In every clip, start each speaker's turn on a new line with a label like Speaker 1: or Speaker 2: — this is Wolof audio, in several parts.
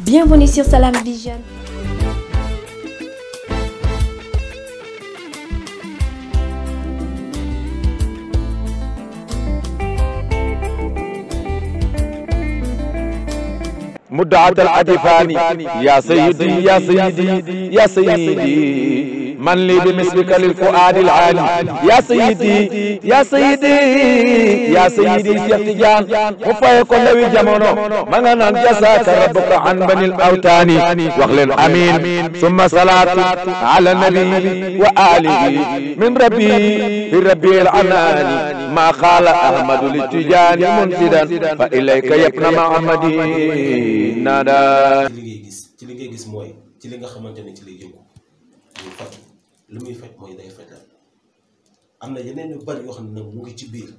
Speaker 1: Bienvenue sur Salam Vision.
Speaker 2: مدعاة العدفاني يا سيدي يا سيدي يا سيدي من لي بمثلك للفؤاد العالي يا سيدي يا سيدي يا سيدي Cheikh Tidiane mu fay ko lewi jamono ma nga naan jazaaka rabbuka an banil awtaani wax leen amiin summa salaatu ala nabi wa alihi min rabbi fi rabbi al anaani ma qaala ahmadu li Tidiane munsidan fa ilayka yabna mahamadi naada ci li
Speaker 1: ngay gis ci li ngay gis mooy ci li nga xamante ne ci lay jëngu buy faj li muy faj mooy day fajal am na yeneen yu bari yoo xam ne nag mu ngi ci biir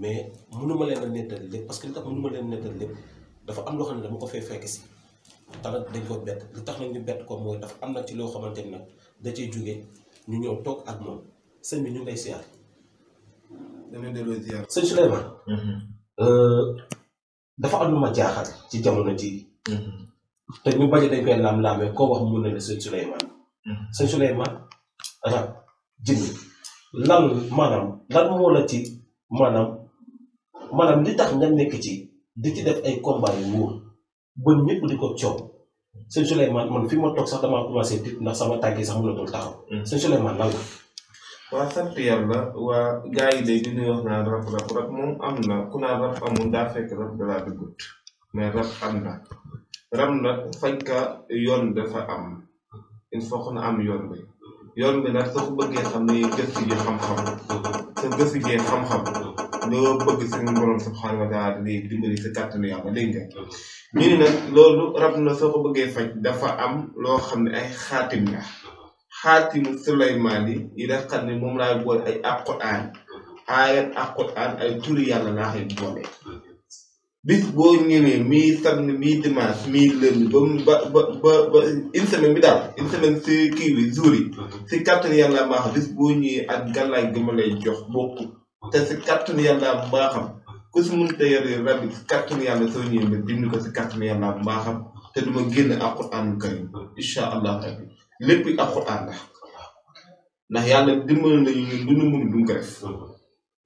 Speaker 1: mais mënuma leen a nettal lépp parce que li tax mënuma leen nettal lépp dafa am loo xam ne dama fee fekk si tax nag dañ ko bett li tax nag ñu bett ko mooy dafa am nag ci loo xamante nag da cay jóge ñu ñëw toog ak moom sëñ bi ñu ngi lay siyaar. danañ mm-hmm. euh, dafa am lu ma jaaxal ci jamono ji mm-hmm. te ñu bañ dañ koy laam-laamee koo wax mu ne la sëñ Souleymane sëñ Souleymane rab jinne lan maanaam lan moo la ci maanaam maanaam li tax nga nekk ci di ci def ay combat yu wóor ba ñëpp di ko coow sëñ Souleymane man fi ma toog sax damaa commencé tit ndax sama tànk yi sax mënatul taxaw. Mm. sëñ Souleymane lan la. waa sant yàlla waa gars yi léegi ñuy wax naan rab rab rab moom am na ku naan rab amul daa fekk rab dalaa duggut mais rab am na rab nag faj yoon dafa am. il faut na am yoon bi yoon bi nag soo ko bëggee xam ne gëstu xam-xam sa gëstu xam-xam loo bëgg suñu borom subhaanahu wa taala di dimbali sa kàttanu yàlla dégg nga ñu ni loolu rab na soo ko bëggee faj dafa am loo xam ne ay xaatim la xaatimu Sulaymaan yi yi xam ne moom laay boole ay alquraan aayat alquraan ay turi yàlla laa koy boole bis boo ñëwee mii samedi mii dimanche mii lundi ba ba ba ba une semaine bi daal une semaine si kii bi jour yi. si kàttanu yàlla maa xam bis boo ñëwee ak gàllaay gi ma lay jox bokku te si kàttanu yàlla maa xam ku si mënut a yore rab yi si kàttanu yàlla soo ñëwee nga dindi ko si kàttanu yàlla maa xam te duma génn alquran karim incha allah rabbi lépp alquran la ndax yàlla dimbali nañu ñun ñu mun duñ ko def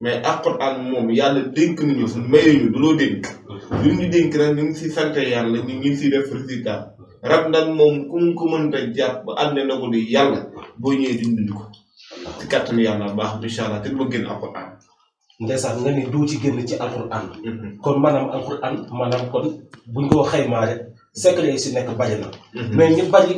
Speaker 1: mais alquran moom yàlla dénk nañu mayuñu du loo li ñu dénk rek ñu ngi yàlla ñu ngi si def résultat rab nag moom ku mu ko mënta jàpp ba ànd na ko di yàlla boo ñëwee dindi ko yàlla baax incha allah te du ma génn alquran. ndeysaan nga ni doo ci génn ci alquran. Mm-hmm. kon a alquran maanaam kon buñ ko xaymaa rek. secret yi si nekk bari na. Mhm. mais ñu bari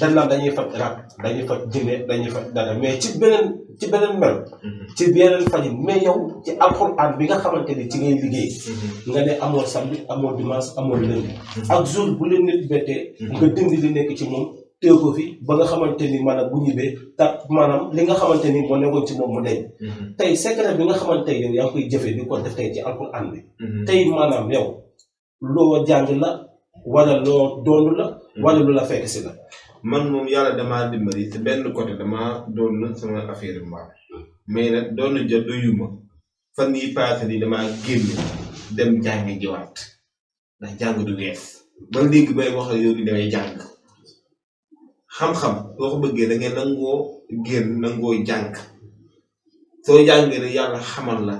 Speaker 1: dañ naan dañuy faj rab dañuy faj jinne dañuy faj dara mais ci beneen ci beneen mel. Mhm. ci beneen fajin mais yow ci alxuraan bi nga xamante ni ci ngay liggéey. Mhm. nga ne amoo samedi amoo dimanche amoo lundi. ak jour bu leen nit bettee. nga dindi li nekk ci moom téye ko ba nga xamante ni maanaam bu ñibbee ta maanaam li nga xamante ni moo nekkoon ci moom mu deñ. tey secret bi nga xamante yow yaa ngi koy jëfee di ko def tey ci alxuraan bi. tey maanaam yow wala loo doon la. Hmm. wala lu la fekk si la. man moom yàlla dama dimbali te benn côté damaa doon sama affaire mbaam mais nag doon na jot doyu ma fan yii paase nii damaa génn dem jàng jiwaat ndax jàng du wees ba léegi bay wax yow bi damay jàng xam-xam soo ko bëggee a ngay nangoo génn nangoo jàng soo jàngee yàlla xamal la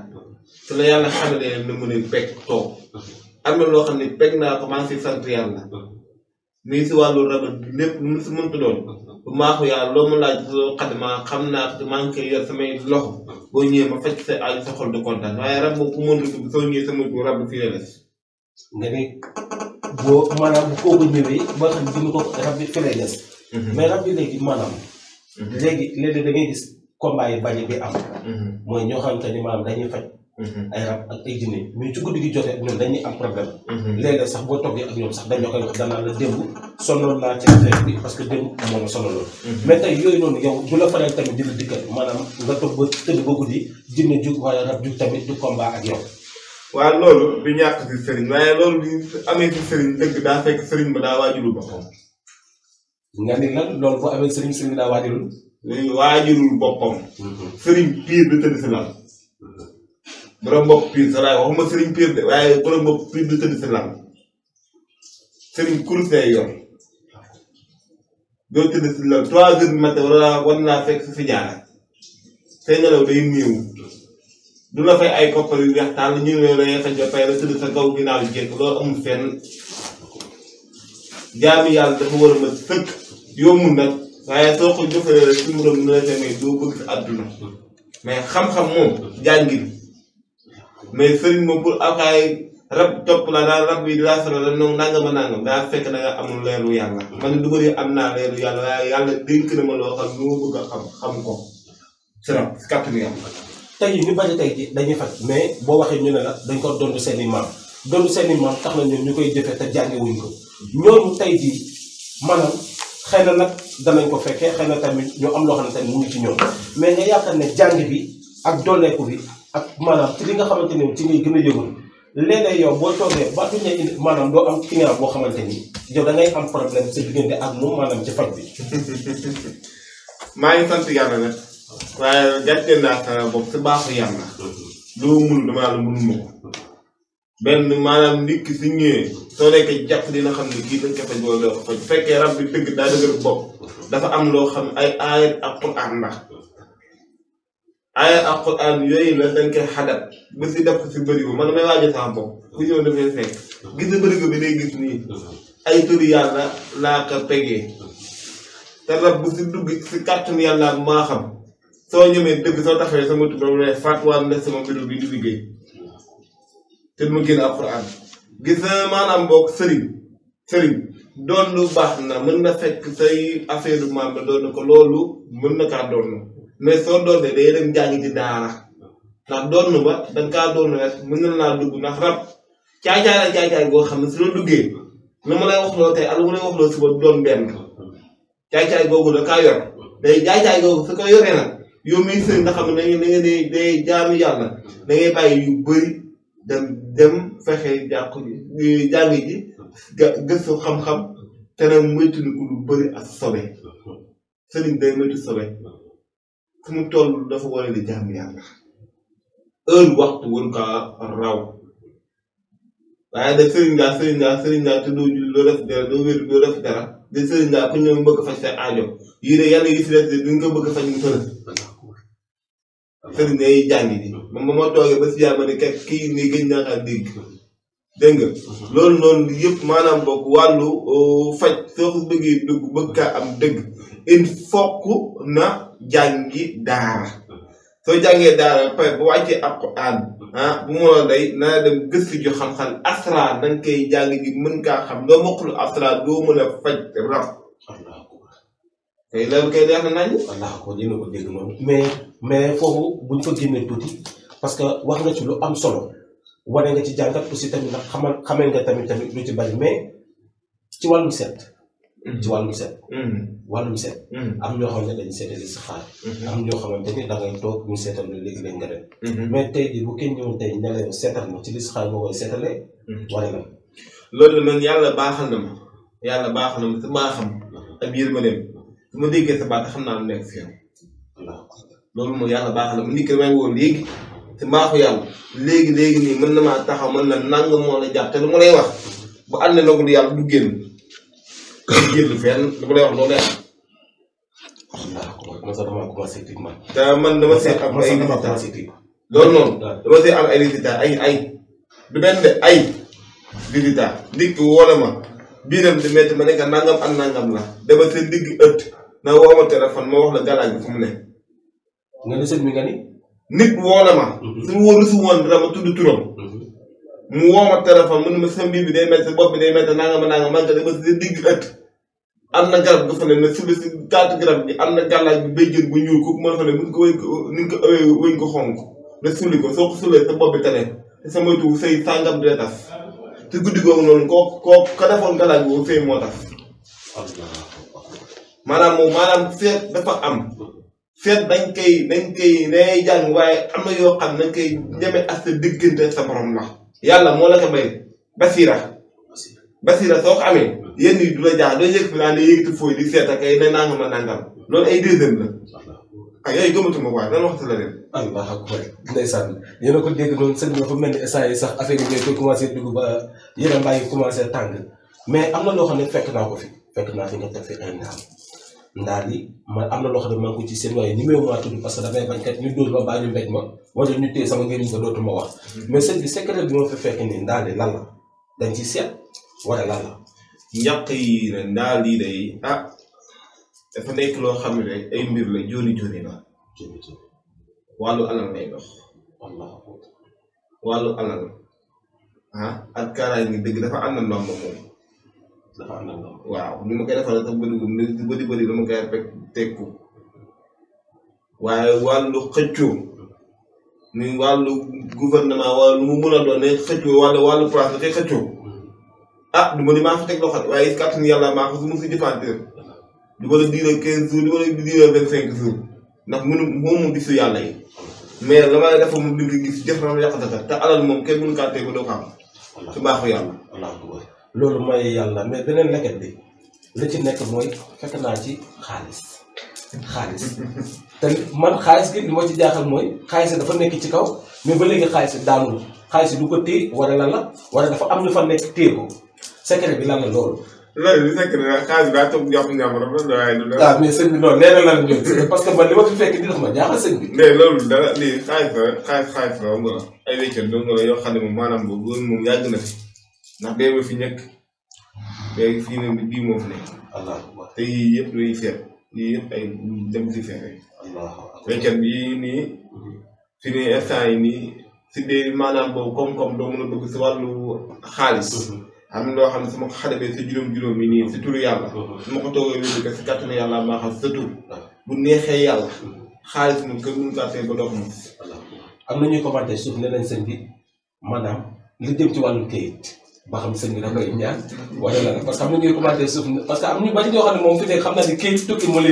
Speaker 1: te la yàlla xamalee ne mën a fekk toog. am na loo xam ne bëgg naa ko maa ngi si sant yàlla muy si wàllu ragal lépp bu maaxu xam naa ko te maa ngi koy yor samay loxo boo sa ay sa xol du mhm. léegi mhm. léegi léeg da ngay gis combat yi bañ bi am mhm. mooy ñoo xam te ni dañuy faj Mhm. ay rab ak ay jinne mais ci guddi gi jotee ñoom dañuy am problème. Mhm. léeg sax boo toggee ak ñoom sax dañoo koy wax danaa parce que démb daa fekk sëriñ ba daa waajurul boppam. sëriñ sëriñ daa mhm. tëdd si lan. borom bopp piir sa waaye waxuma sëriñ piir de waaye borom bopp piir du tëdd si sëriñ kurus lay yor doo tëdd si trois heures du matin wala war naa fekk si jaara say nelaw day néew du la fay ay koppar yu weex taal ñu ne la yeexa jopay la tëdd sa kaw dafa war a ma sëkk yombul nag waaye soo ko joxee rek suñu borom dina la fee may doo bëgg sa àdduna xam-xam moom jàngil mais sëriñ moom pour akaay rab topp la daal rab yi laa solo la noonu nangam a nangam daa fekk da nga amul leeru yàlla man du ma am yàlla waaye yàlla loo xam a xam ko si rab si tey ñu bari tey ji dañuy mais boo waxee ñu ne dañ ko dondu seen i maam dondu seen tax na ñoom ñu koy jëfee te wuñ ko ñooñu tey ji maanaam xëy na nag danañ ko fekkee xëy na tamit ñu am loo xam ne tamit ngi ci ñoom mais nga yaakaar ne jàng bi ak dooleeku bi ak maanaam ci li nga xamante ni ci ngay gën a yëngu léeg-léeg yow boo toogee ba duñ ne indi maanaam doo am client boo xamante ni yow da ngay am problème sa diggante ak moom maanaam ci faj bi. maa ngi sant yàlla nag waaye gàcce naa sama bopp si baaxu yàlla. loo mun damaa la munuma ko. benn maanaam nit ki su ñëwee soo nekkee jàpp dina xam ne kii dañ ko fekkee rab bi dëgg daa dëgër bopp dafa am loo xam ay aayat ak Quraan la aaya alquran yooyu la dañ xadat ba si def ko si bërigo man may waajo sama bopp ku ñëw dafay fekk gis na bërigo bi day gis nii ay turi yàlla laa ko pegee te rab bu si dugg si kàttanu yàlla maa xam soo ñëmee dëgg soo taxawee sama tubaab ne fàttuwaat ne sama mbiru bi di liggéey te mu génn alquran gis na maanaam sëriñ sëriñ doon lu baax na mën na fekk say affaire maam la doon ko loolu mën na kaa doon mais soo doon day dem jàngi ci daara doon na ba dañ kaa doon rek mën na laa dugg ndax rab caay goo xam ne su na ma wax loo tey ak lu ma lay wax loo suba doon benn caay-caay googu da kaa yor day caay googu su ko yoree nag yow miy sëñ nga xam ne day jaamu yàlla da ngay bàyyi yu bëri dem fexe jàkku ji jàngi ji gëstu xam-xam te nag moytu ni bëri ak sobe sëriñ day moytu sobe. fu mu toll dafa war a yàlla heure waxtu waru ka raw waaye da sëriñ ngaa sëriñ ngaa sëriñ ngaa te doo julli doo def dara doo de sëriñ ngaa ku ñëw bëgg faj sa aajo yii de yàlla yi si des de bëgg faj mu tëral sëriñ day jàngi ji moom ba ma ba si yàlla ne kat kii nii gën naa kaa dégg dégg nga loolu noonu yëpp maanaam boog wàllu oh, faj soo bëggee dugg bëgg kaa am dëgg il fokk na jàngi daara soo jàngee daara pare bu wàccee alquran ah bu moo day nana dem gëstu ju xam-xam asrar da nga koy jàng ji mën kaa xam doo mokkul asrar doo mën a faj rab tey loolu kay leer na nañu wallaahi ko dina ko dégg noonu mais mais foofu buñ fa génnee tuuti parce que wax nga ci lu am solo wane nga ci jàngat aussi tamit nag xamal xamee nga tamit tamit lu ci bari mais ci wàllu seet ci wàllum set. Mm. wàllum set. Mm. am ñoo xamante ne dañu seetali si mm-hmm. am ñoo xamante ne da toog ñu seetal la léegi lañ nga dem. Mm-hmm. mais tey jii bu kenn ñëwoon tey ñu ne seetal ma ci li si xaar nga koy seetalee. Mm-hmm. waree na. loolu man yàlla baaxal na ma yàlla baaxal na ma sa baaxam. ma déggee sa baat xam naa lu nekk si yow. loolu moom yàlla baaxal na ma nit ki may woo léegi. te mbaaxu yàlla léegi léegi nii mën na ma taxaw mën na nangam moo la jàpp te lu ma lay wax bu ànd na loolu yàlla du génn. dañuy génn fenn lu ko lay wax loolu yaa man dama seet am ay résultats loolu ay ay ay du benn de ma bii dem di métti ma nekk nangam ak nangam la dama seen digg ëtt na woo ma ma wax la galaaj bi fu ne. nit woo ma. Mhm. su ma wóolu si woon dina ma tudd turam. Mhm. mu woo ma téléphone mu ne ma sa mbir bi day métti bopp bi day métti nanga ma nanga man ka dama si digg ëtt am na garab gu fa ne ne suba si taatu garab gi am na gàllaaj bi béjjën bu ñuul kooku mën fa ne buñ ko wëñ ko ni nga ko ëwee wëñ ko xonk nga sulli ko soo ko sulee sa bopp bi tane te sa moytu sëy sàngam dina tas te guddi googu noonu koo koo ko defoon gàllaaj boobu sëy moo tas maanaam moom maanaam seet dafa am seet dañ koy dañ koy dañay jàng waaye am na yoo xam nañ koy ñeme ak sa diggante sa borom la yàlla moo la ko may basira soo ko amee yenn yi du la jaax doo yëg fi naan day yëgati fooy di seet ak ay ne nangam la nangam loolu ay deuxième la ak yooyu gëmatuma waaye nan waxtu la leen a ko dégg noonu sëñ bi dafa mel ni sax affaire yi ngay koy commencé a am na loo xam ne fekk naa ko fi fekk naa fi nga man ko ci seen waaye numéro maa tudd parce que damay bañ kat ñu dóor ma baa ñu ma moo tax ñu téye sama njëriñ nga dootuma wax mhm. mais sëñ bi secret bi fekk nii ndaal yi lan la dañ ci seet wala lan la. njàq yi ne ndaal yi day ah dafa nekk loo xam ne rek ay mbir la jooni jooni la. wàllu alal lay dox. wàllu alal ah ak kaaraay ngi dëgg dafa ànd na ndomb moom. dafa ànd na waaw ni ma koy defal dafa bëri bëri bëri bëri dama koy teg waaye wàllu xëccoo. muy wàllu gouvernement wala lu mu mën a doon ne xëccoo wala wàllu place te xëccoo ah du ma ni maa fa teg loxo waaye kàttanu yàlla maa ko su ma si défendre du ma la diire quinze du ma la diire vingt cinq ndax mënu moom moom bisu yàlla mais la may dafa moom li nga gis def na ma yàq data te alal moom kenn mënu kàttee ko doo ko am su baaxu yàlla loolu mooy yàlla mais beneen leket bi la ci nekk mooy fekk naa ci xaalis xaalis te man xaalis gi li ma ci jaaxal mooy xaalis dafa nekk ci kaw mais ba léegi xaalis daanul xaalis du ko téye wala lan la wala dafa am lu fa nekk téye ko secret bi la loolu. loolu li na xaalis bi daa toog jàpp njàmbur am na waaye du dara. Ah, waaw mais sëñ bi noonu nee na lan ñoom lii xaalis la xaalis xaalis la am nga la maanaam loolu moom yàgg na fi ndax bee ba fi ñëkk léegi moo fi nekk. te yii yëpp dañuy seet yii yëpp ay dem béykat bi nii fi ne instant yi ni si dee maanaam boobu koom-koom doo mën a dugg si wàllu xaalis mhm. am na loo xam ne su ma ko si juróom-juróom yi nii si turu yàlla mhm. su ma ko toogee si kattanu yàlla maa xam sa tur ah. bu neexee yàlla mhm. xaalis moom kër mun kaatee ba dox am na ñu commenté suuf ne nañ seen bi maanaam li jëm ci wàllu kayit ba xam sëñ bi da koy ñaan wala parce que am na ñuy commencé suuf parce que am ñu bari ñoo xam ne moom fi tey xam naa ne kii tukki a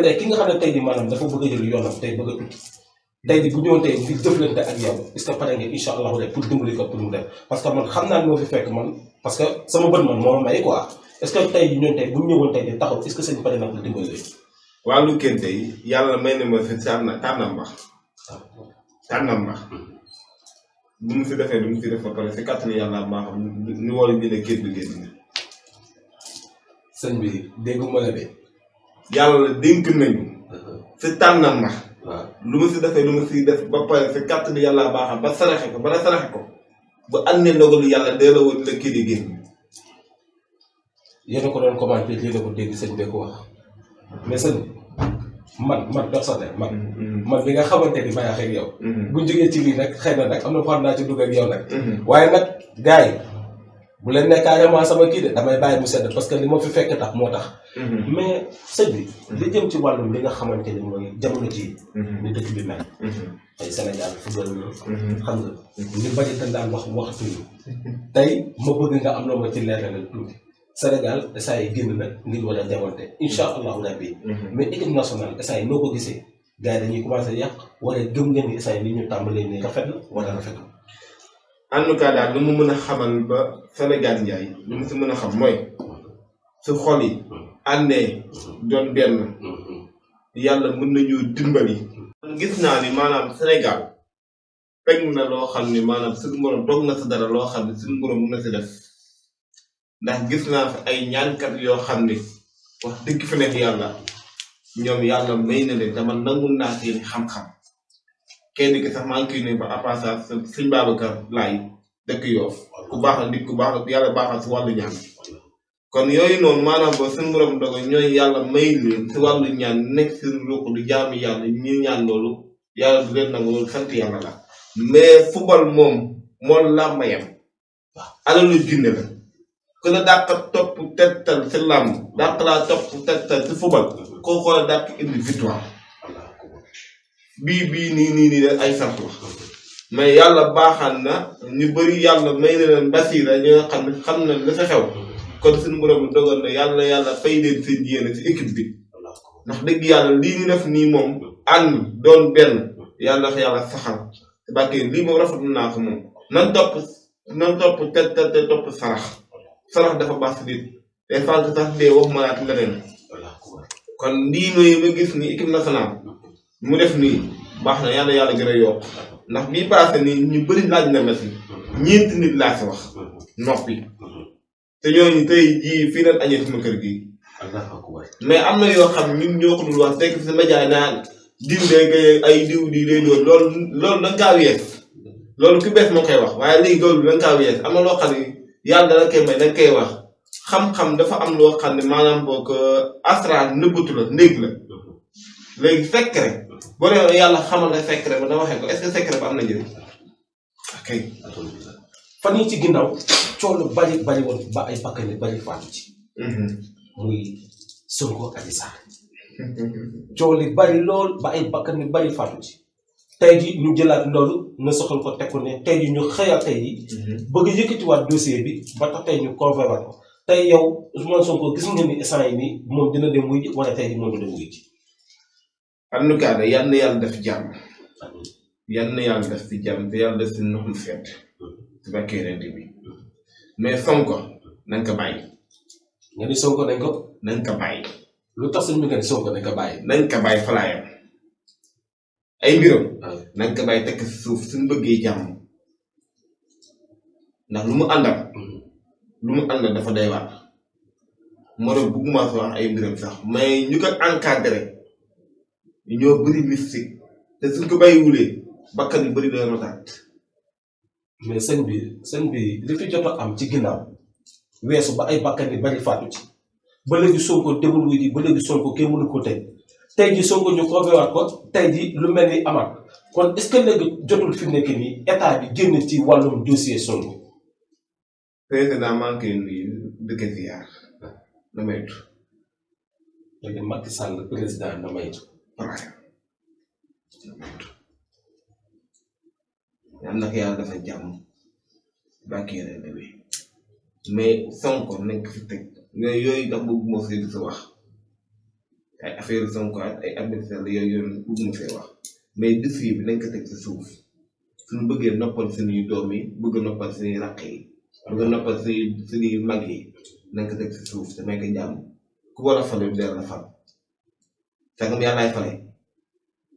Speaker 1: jël yoonam pour dimbali ko pour mu que man xam naa ne moo fi fekk moo may quoi est-ce que tey ji ñoom taxaw est-ce que sëñ pare na leen wàllu kente yi yàlla may na ma fi tànn tànnam mbax ah, tànnam bu mu fi defee lu mu fi def ba pare si kàttan yàlla maa ni wala ñu ne géej bi géej na. sëñ bi dégguma la de. yàlla dénk nañu. si uh-huh. tànnam ma. lu mu si defee lu mu si def ba pare si kàttan yàlla maa xam ba saraxe ko ba saraxe ko bu yàlla delloo woon la kii di géej. yéen ko doon commenté lii la ko dégg sëñ bi ko wax mais sëñ man man personnel man. Mm-hmm, mm-hmm. man bi nga xamante ni may wax ak yow. Mm-hmm. bu jógee ci lii nag xëy na nag am na far naa ci dugg ak yow nag. waaye nag gars yi bu leen ne carrément sama kii de damay bàyyi mu sedd parce que li ma fi fekk tax moo tax. mais sëñ bi. li jëm ci wàllum li nga xamante ni mooy jamono jii. ni dëkk bi mel. tey Sénégal football ñu. xam a daan wax waxatuñu. tey ma bëgg nga am na ma ci leer tuuti. Sénégal saa yi génn na ngir war a jawante incha allahu rabbi mhm. mais équipe nationale saa yi ko gisee gars yi dañuy commencé yàq wala gëm ngeen ni saa yi ni ñu tàmbalee nii rafet na wala rafet na. en tout daal lu mu mën a xamal ba Sénégal njaay lu mu si mën a xam mooy su xol yi àndee doon benn yàlla mën nañu dimbali. gis naa na loo xam ne maanaam suñu borom sa dara loo xam ne su borom mën na si def. ndax gis naa fi ay ñaankat yoo xam ne wax dëgg fi nekk yàlla ñoom yàlla may na leen dama nangul naa seen xam-xam kenn ki sax maa ngi koy nuyu ba à passage sëñ Babacar laay dëkk Yoof ku baax la ku baax la yàlla baaxal si wàllu ñaan kon yooyu noonu maanaam ba suñu borom dogo yàlla may leen si wàllu ñaan nekk si ruq du jaamu yàlla ñu ñaan loolu yàlla du leen nangu loolu yàlla la mais football moom moom làmbayam alalu jinne la que a dàq topp tegtal si làmb dàq laa topp tegtal si fubal koo xool a dàq indi victoire bii bii nii nii nii ay sant la mais yàlla baaxal na ñu bëri yàlla may na leen basiira ñu xam ne xam na la fa xew kon suñu borom dogal na yàlla yàlla fay leen seen yéene ci équipe bi ndax dëgg yàlla lii ñu def nii moom ànd doon benn yàlla yàlla saxal te bàkkee lii moom rafetlu naa ko moom nan topp nan topp te te topp sarax sarax dafa baax si nit day fàgg sax dee waxuma laat leneen kon lii mooy nga gis ni équipe nationale mu def nii baax na yàlla yàlla gën a yokk ndax bii passé nii ñu bëri laaj na Messi ñeenti nit laa si wax noppi te ñooñu tey jii fii nag añee sama kër gii mais am na yoo xam ñun ñoo ko dul wax fekk si média yi naan diw ay diw di lay doon loolu loolu da nga kaa wees loolu ku bees moo koy wax waaye léegi loolu da nga kaa wees am na loo xam ne yàlla la koy may da koy wax xam-xam dafa am loo xam ne maanaam boo ko asrar nëbbatu la ndég la léegi secret boo nee yàlla xamal na secret ba da waxee ko est-ce que secret ba am na njëriñ ok fan yi ci ginnaaw coono bari bari woon ba ay bakkan yu bari faatu ci mhm. muy Sonko Adji Sarr coono bari lool ba ay bakkan yu bari faatu ci tey ji ñu jëlaat loolu nga soxal ko teg ko ne tey ji ñu xëyaat tey yi mhm. bëgg yëkkatiwaat dossier bi ba tax tey ñu convoqué waat ko tey yow Ousmane Sonko yi moom dina dem wuy ji wala moom du dem wuy ji yal na yàlla def jàmm yal na yàlla def si jàmm te yàlla def si noxul feet si bàkkee rent bi mais Sonko ko nga ko bàyyi nga ni Sonko ko na nga ko bàyyi lu tax suñ bi nga ni Sonko nañ ko bàyyi nañ ko bàyyi falaayam ay mbiram. Ah. nañ ko bàyyi tekk suuf suñu bëggee jàmm ndax lu mu àndal. Mm-hmm. lu mu àndal dafa day waar. Morog bugguma soo wax ay mbiram sax mais ñu ko encadré ñoo bëri mystique te suñ ko bàyyi wulee bakkan yu bëri rotaat. mais sëñ bi sëñ bi li fi a am ci ginnaaw weesu ba ay bakkan yu bari faatu ci ba léegi Sonko demul wuy di ba léegi Sonko kenn mënu ko teg. tey jii Sonko ñu xobewaat ko tey jii lu mel ni amaat kon est-ce que jotul fi nekk nii état bi génn ci wàllum dossier Sonko. président maa ngi koy nuyu dëkk ziar na maytu. léegi Macky Sall président na maytu. yàlla na ko yàlla dafa jàmm bàkk yeneen mais Sonko teg yooyu yooyu tax bëgg moo si di wax. ay affaire Sonko ak ay adversaire la yooyu yoon bëgguma fee wax mais dossier bi nañ ko teg ci suuf suñu bëggee noppal suñuy doom yi bëgg noppal suñuy raq yi bëgg noppal suñuy suñuy mag yi nañ ko teg ci suuf te may ko jàmm ku war a falu deel na fal sagam yàllaay fale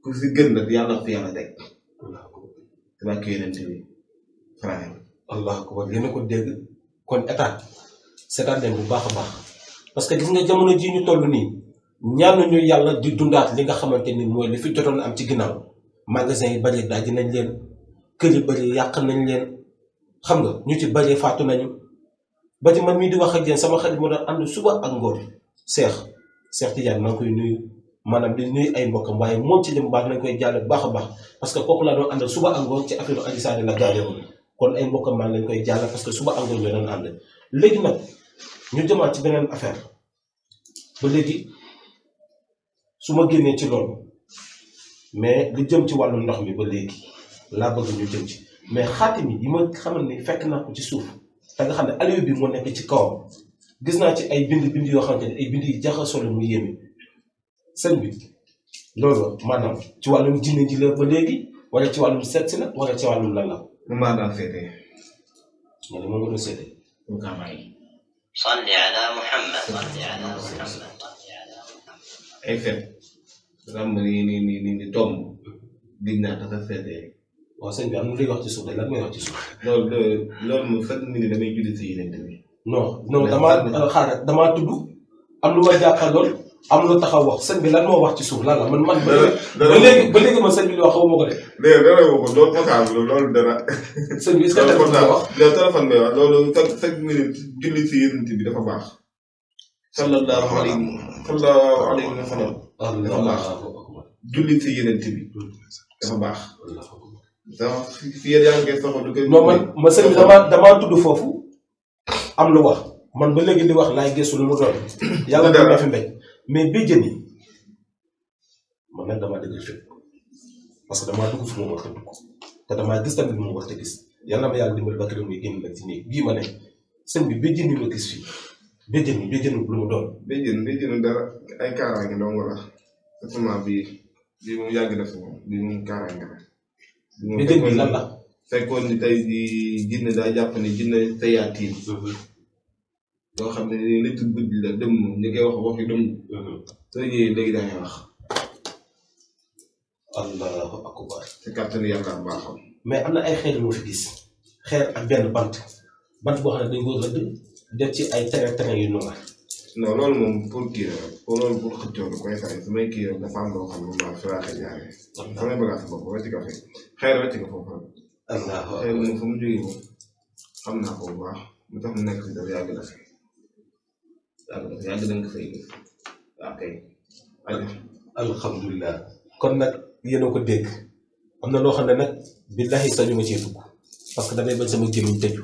Speaker 1: ku si gën nag yàlla fi yàlla teg te bàkk yonent bi faraay allah akbar yéen a ko dégg kon état seetaan leen bu baax baax parce que gis nga jamono ji ñu toll nii ñaan ñu yàlla di dundaat li nga xamante ni mooy li fi jotoon am ci ginnaaw magasin yi bari daaj nañ leen kër yi bari yàq nañ leen xam nga ñu ci bari faatu nañu ba ci man mii di wax ak yéen sama xarit moo doon ànd suba ak ngoon seex seex Tidiane maa ngi koy nuyu maanaam di nuyu ay mbokkam waaye moom ci lim baax nañ koy jàll baax a baax parce que kooku laa doon àndal suba ak ngoon ci affaire Adji la gaañoo kon ay mbokkam maa lañ leen koy jàll parce que suba ak ngoon ñoo doon ànd léegi nag ñu jëmaat ci beneen affaire ba léegi. su ma génnee ci loolu mais lu jëm ci wàllu ndox mi ba léegi laa bëgg ñu jëm ci mais xaatim yi ma xamal ni fekk naa ko ci suuf te xam ne aliou bi moo nekk ci kawam gis naa ci ay bind bind yoo xamante ne ay bind yu jaxasoo la mu yéeme sëñ bi loolu maanaam ci wàllum jinne ji la ba léegi wala ci wàllum seet si la wala ci wàllum la. nu ma ay fet ràmm ni ni ni ni ni tomb gis tax a feetee waaw sëñ bi am na luy wax ci suuf lan mooy damaa xaar am lu ma jàkkaarlool am lu wax ci suuf lan la man man ba léegi ba léegi man sëñ bi li wax xaw ma ko de léegi dara bi dafa baax sallallahu alayhi sallallahu alayhi wa sallam dafa baax fi yéen yaa ngi koy soxla du koy. non man ma sëñ bi tudd foofu am lu wax man ba léegi li wax laay gëstu lu mu doon yàlla def na fi mbéy mais bii jën yi parce que damaa dugg a dugg te damaa gis tamit ma ne sëñ bi bii jën ma gis fii. béjjën bi dara ay kaaraange ndongo la exactement bii bii moom yàgg na moom bii moom kaaraange la. béjjën bi fekkoon ni tey jinne daa jàpp ne jinne sayaatiin. Mhm. yoo wax waxi dem. Mhm. soo ñëwee léegi da ngay wax. allahu akbar. te kàttan yàlla baaxam. mais am na ay xeer yu fi gis xeer ak benn bant bant boo xam ne dañ ko rëdd. def ci ay tere tere yu nu non loolu moom pour kii pour loolu pour xëccoo la koy saa su may kii rek dafa am loo xam ne moom laa soxlaa xëy jaaree. samay bagages bopp wecc ko fee xëy na wecc ko foofu rek. alhamdulilah xëy na fu mu jógee moom xam naa ko bu baax lu tax mu nekk fi dafa yàgg na fi yàgg na fi yàgg na nga fay gis waaw kay. alhamdulilah kon nag yéen a ko dégg am na loo xam ne nag billahi sañu ma cee dugg parce que damay bañ sama gémmiñ tëju.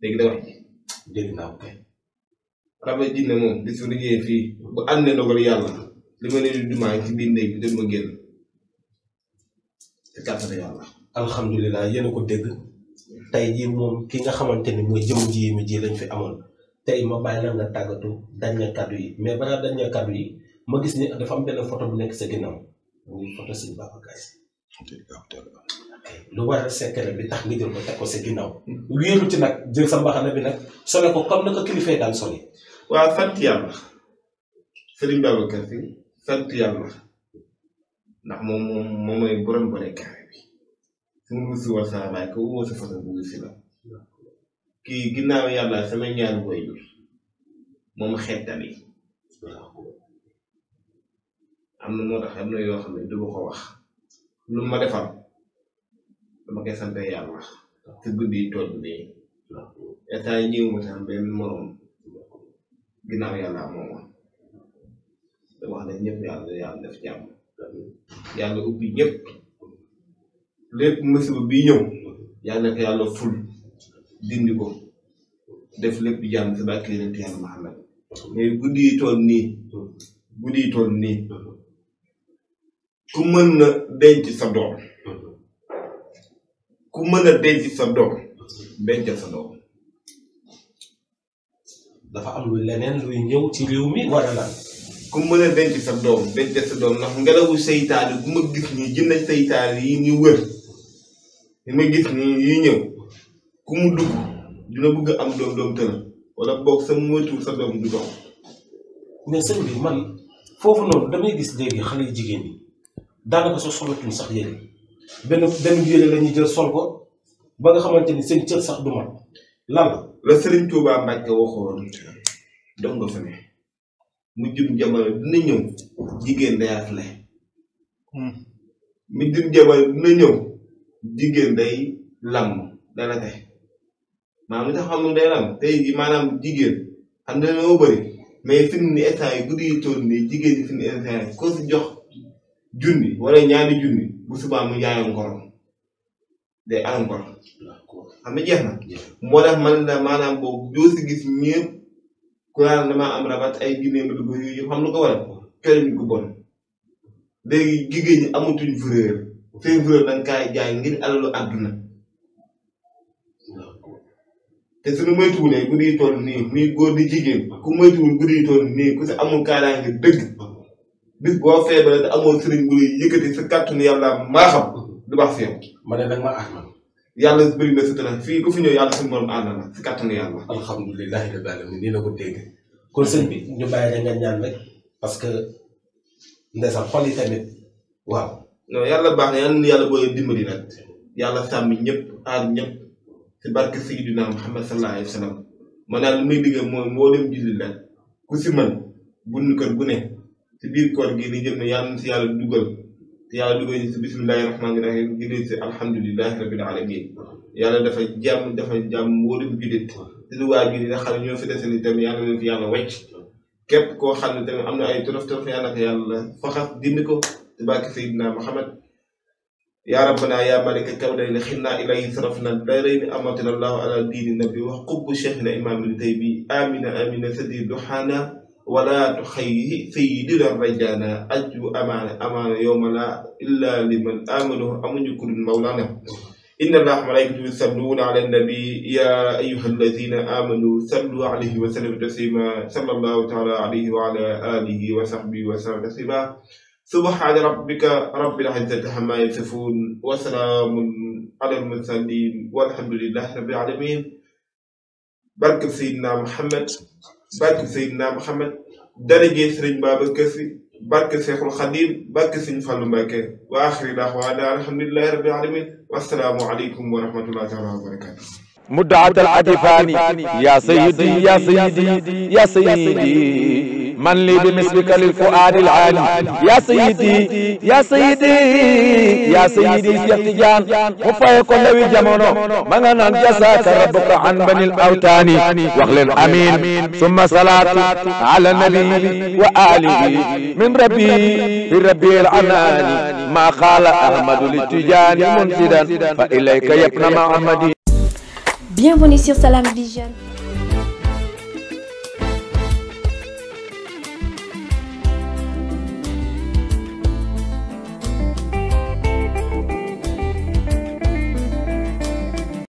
Speaker 1: léegi da wax dégg naa ko kay raba jinne moom bis bu ñëwee fii bu ànd ne dogal yàlla li ma leen di dumaa ci biir néeg bi dem ma génn te kàttana yàlla alhamdulilah yéen a ko dégg tey jii moom ki nga xamante ni mooy jëm ji mi ji lañ fi amoon tey ma bàyyi la nga tàggatu dañ na kàddu yi mais balaa dañ na kàddu yi ma gis ni dafa am benn photo bu nekk sa ginnaaw muy photo sëñ Babacar lu war a secret bi tax nga jël ko teg ko sa ginnaaw. wéeru ci nag jël sa mbaxana bi nag sole ko comme na ko kilifay daan sole. waaw sant yàlla Serigne Babacar Sy sant yàlla ndax la kii ginnaaw yàlla sama ñaar booy moom xettali am na moo tax am na yoo xam ne du ma ko wax lu ma defal. dama koy sant yàlla te guddi yi toll nii état yi ñëw ma tam benn morom ginnaaw yàlla mooma te wax ne ñëpp yàlla yàlla def jàmm yàlla ubbi ñëpp lépp musiba bi ñëw yàlla ko yàlla ful dindi def lépp jàmm si bàkk yeneen yàlla Muhammad mais guddi yi toll nii guddi yi toll nii na denc sa ku mën a denc sa doom dencal sa doom. dafa am lu leneen luy ñëw ci réew mi wala lan. ku mën a denc sa doom dencal sa doom ndax ngelawu seytaane bu ma gis nii jënd seytaane yi ñu wër li ma gis nii yi ñëw ku mu dugg dina bëgg am doom doom tëral wala boog sa moytu sa doom du doom. mais sëñ bi man foofu noonu damay gis léegi xale yu jigéen ñi daanaka soo solatuñ sax yéen. benn benn yére la ñuy jël sol ko ba nga xamante ni sax du mat lan la Serigne Touba Mbacke waxoon dong nga fa ne mu jub jamono dina ñëw jigéen day rafle hmm. mu jub jamono dina ñëw jigéen day lam te maanaam li jigéen xam ne dañoo bëri fi mu ne guddi yi toll jigéen fi mu ne ko si jox. junni wala ñaari junni bu subaa mu jaayoo ngorom day am ngorom. xam nga jeex na. moo tax man ay junne ba dugg yooyu xam lu ko waral corin gu bon léegi jigéen ñi amatuñ valeur seen valeur te suñu moytuwulee guddi yi toll nii muy góor di jigéen ku moytuwul guddi dëgg. bis boo feebaree te amoo sëriñ bu lay yëkkati sa kàttanu yàlla maa xam du baax si ma ne nag ma aar man. yàlla bëri na sutura fi ñëw yàlla suñu borom ànd si kàttanu yàlla. alhamdulilah rabbil alamin nii la ko dégg. bi ñu bàyyi la nga ñaan rek parce que ndeysaan xol yi tamit waaw. non baax na yàlla na yàlla booy dimbali nag yàlla ñëpp aar ñëpp si barke Seydina Muhammad sallallahu alayhi wa sallam ma naan lu muy liggéey mooy moo dem julli nag ku si mën ci biir koor gi ni jëm ne si yàlla dugal te yàlla dugal ñu si bismillahi rahmaani rahim jëlee si alhamdulilahi rabil alamin yàlla dafa jàmm dafa jàmm mboolem jullit si waa jullit xam ne ñoo fi dese ni tamit yàlla fi yàlla wecc képp koo xam ne tamit am na ay torof torof yàlla na ko yàlla faxas ko te bàkki Muhammad yaa rabbana yaa malika kawlayni xinnaa ilayhi sarafna darayni amatina allahu ala diini nabi wax qubbu cheikhina imaamil tey bi amina amina sadi wala tuxayyi sayyidina rajaana aju amaana amaana yowmala illa liman amanu amuñu ku dul mawlaana inna allaha malaikatahu yusalluna ala nabi ya ayuha alladina amanu sallu alayhi wa sallimu taslima sallallahu taala alayhi wa ala alihi wa sahbihi wa sallam taslima subhana rabbika rabbil izzati amma yasifun wa salaamun ala al-mursalin walhamdulillahi rabbil alamin barke Seydina Muhammad barke Seydina Muhammad délégué sëriñ Babacar Sy barke Seexul Xadim barke sëriñ Fallu Mbàkke wa axiri daaxwaana alhamdulillahi rabbil alamin wassalaamu aleykum wa rahmatullahi taala wa barakatu
Speaker 2: مدعة العدفاني يا سيدي يا سيدي يا سيدي من لي بمثلك للفؤاد العالي يا سيدي يا سيدي يا سيدي سيدي جان وفايق لوي جمونو من أن جزاك ربك عن بني الأوتان وخل أمين ثم صلاة على النبي وآله من ربي ربي العنان ما قال أحمد للتجان منسدا فإليك يا ابن محمد
Speaker 1: Bienvenue sur Salam Vision.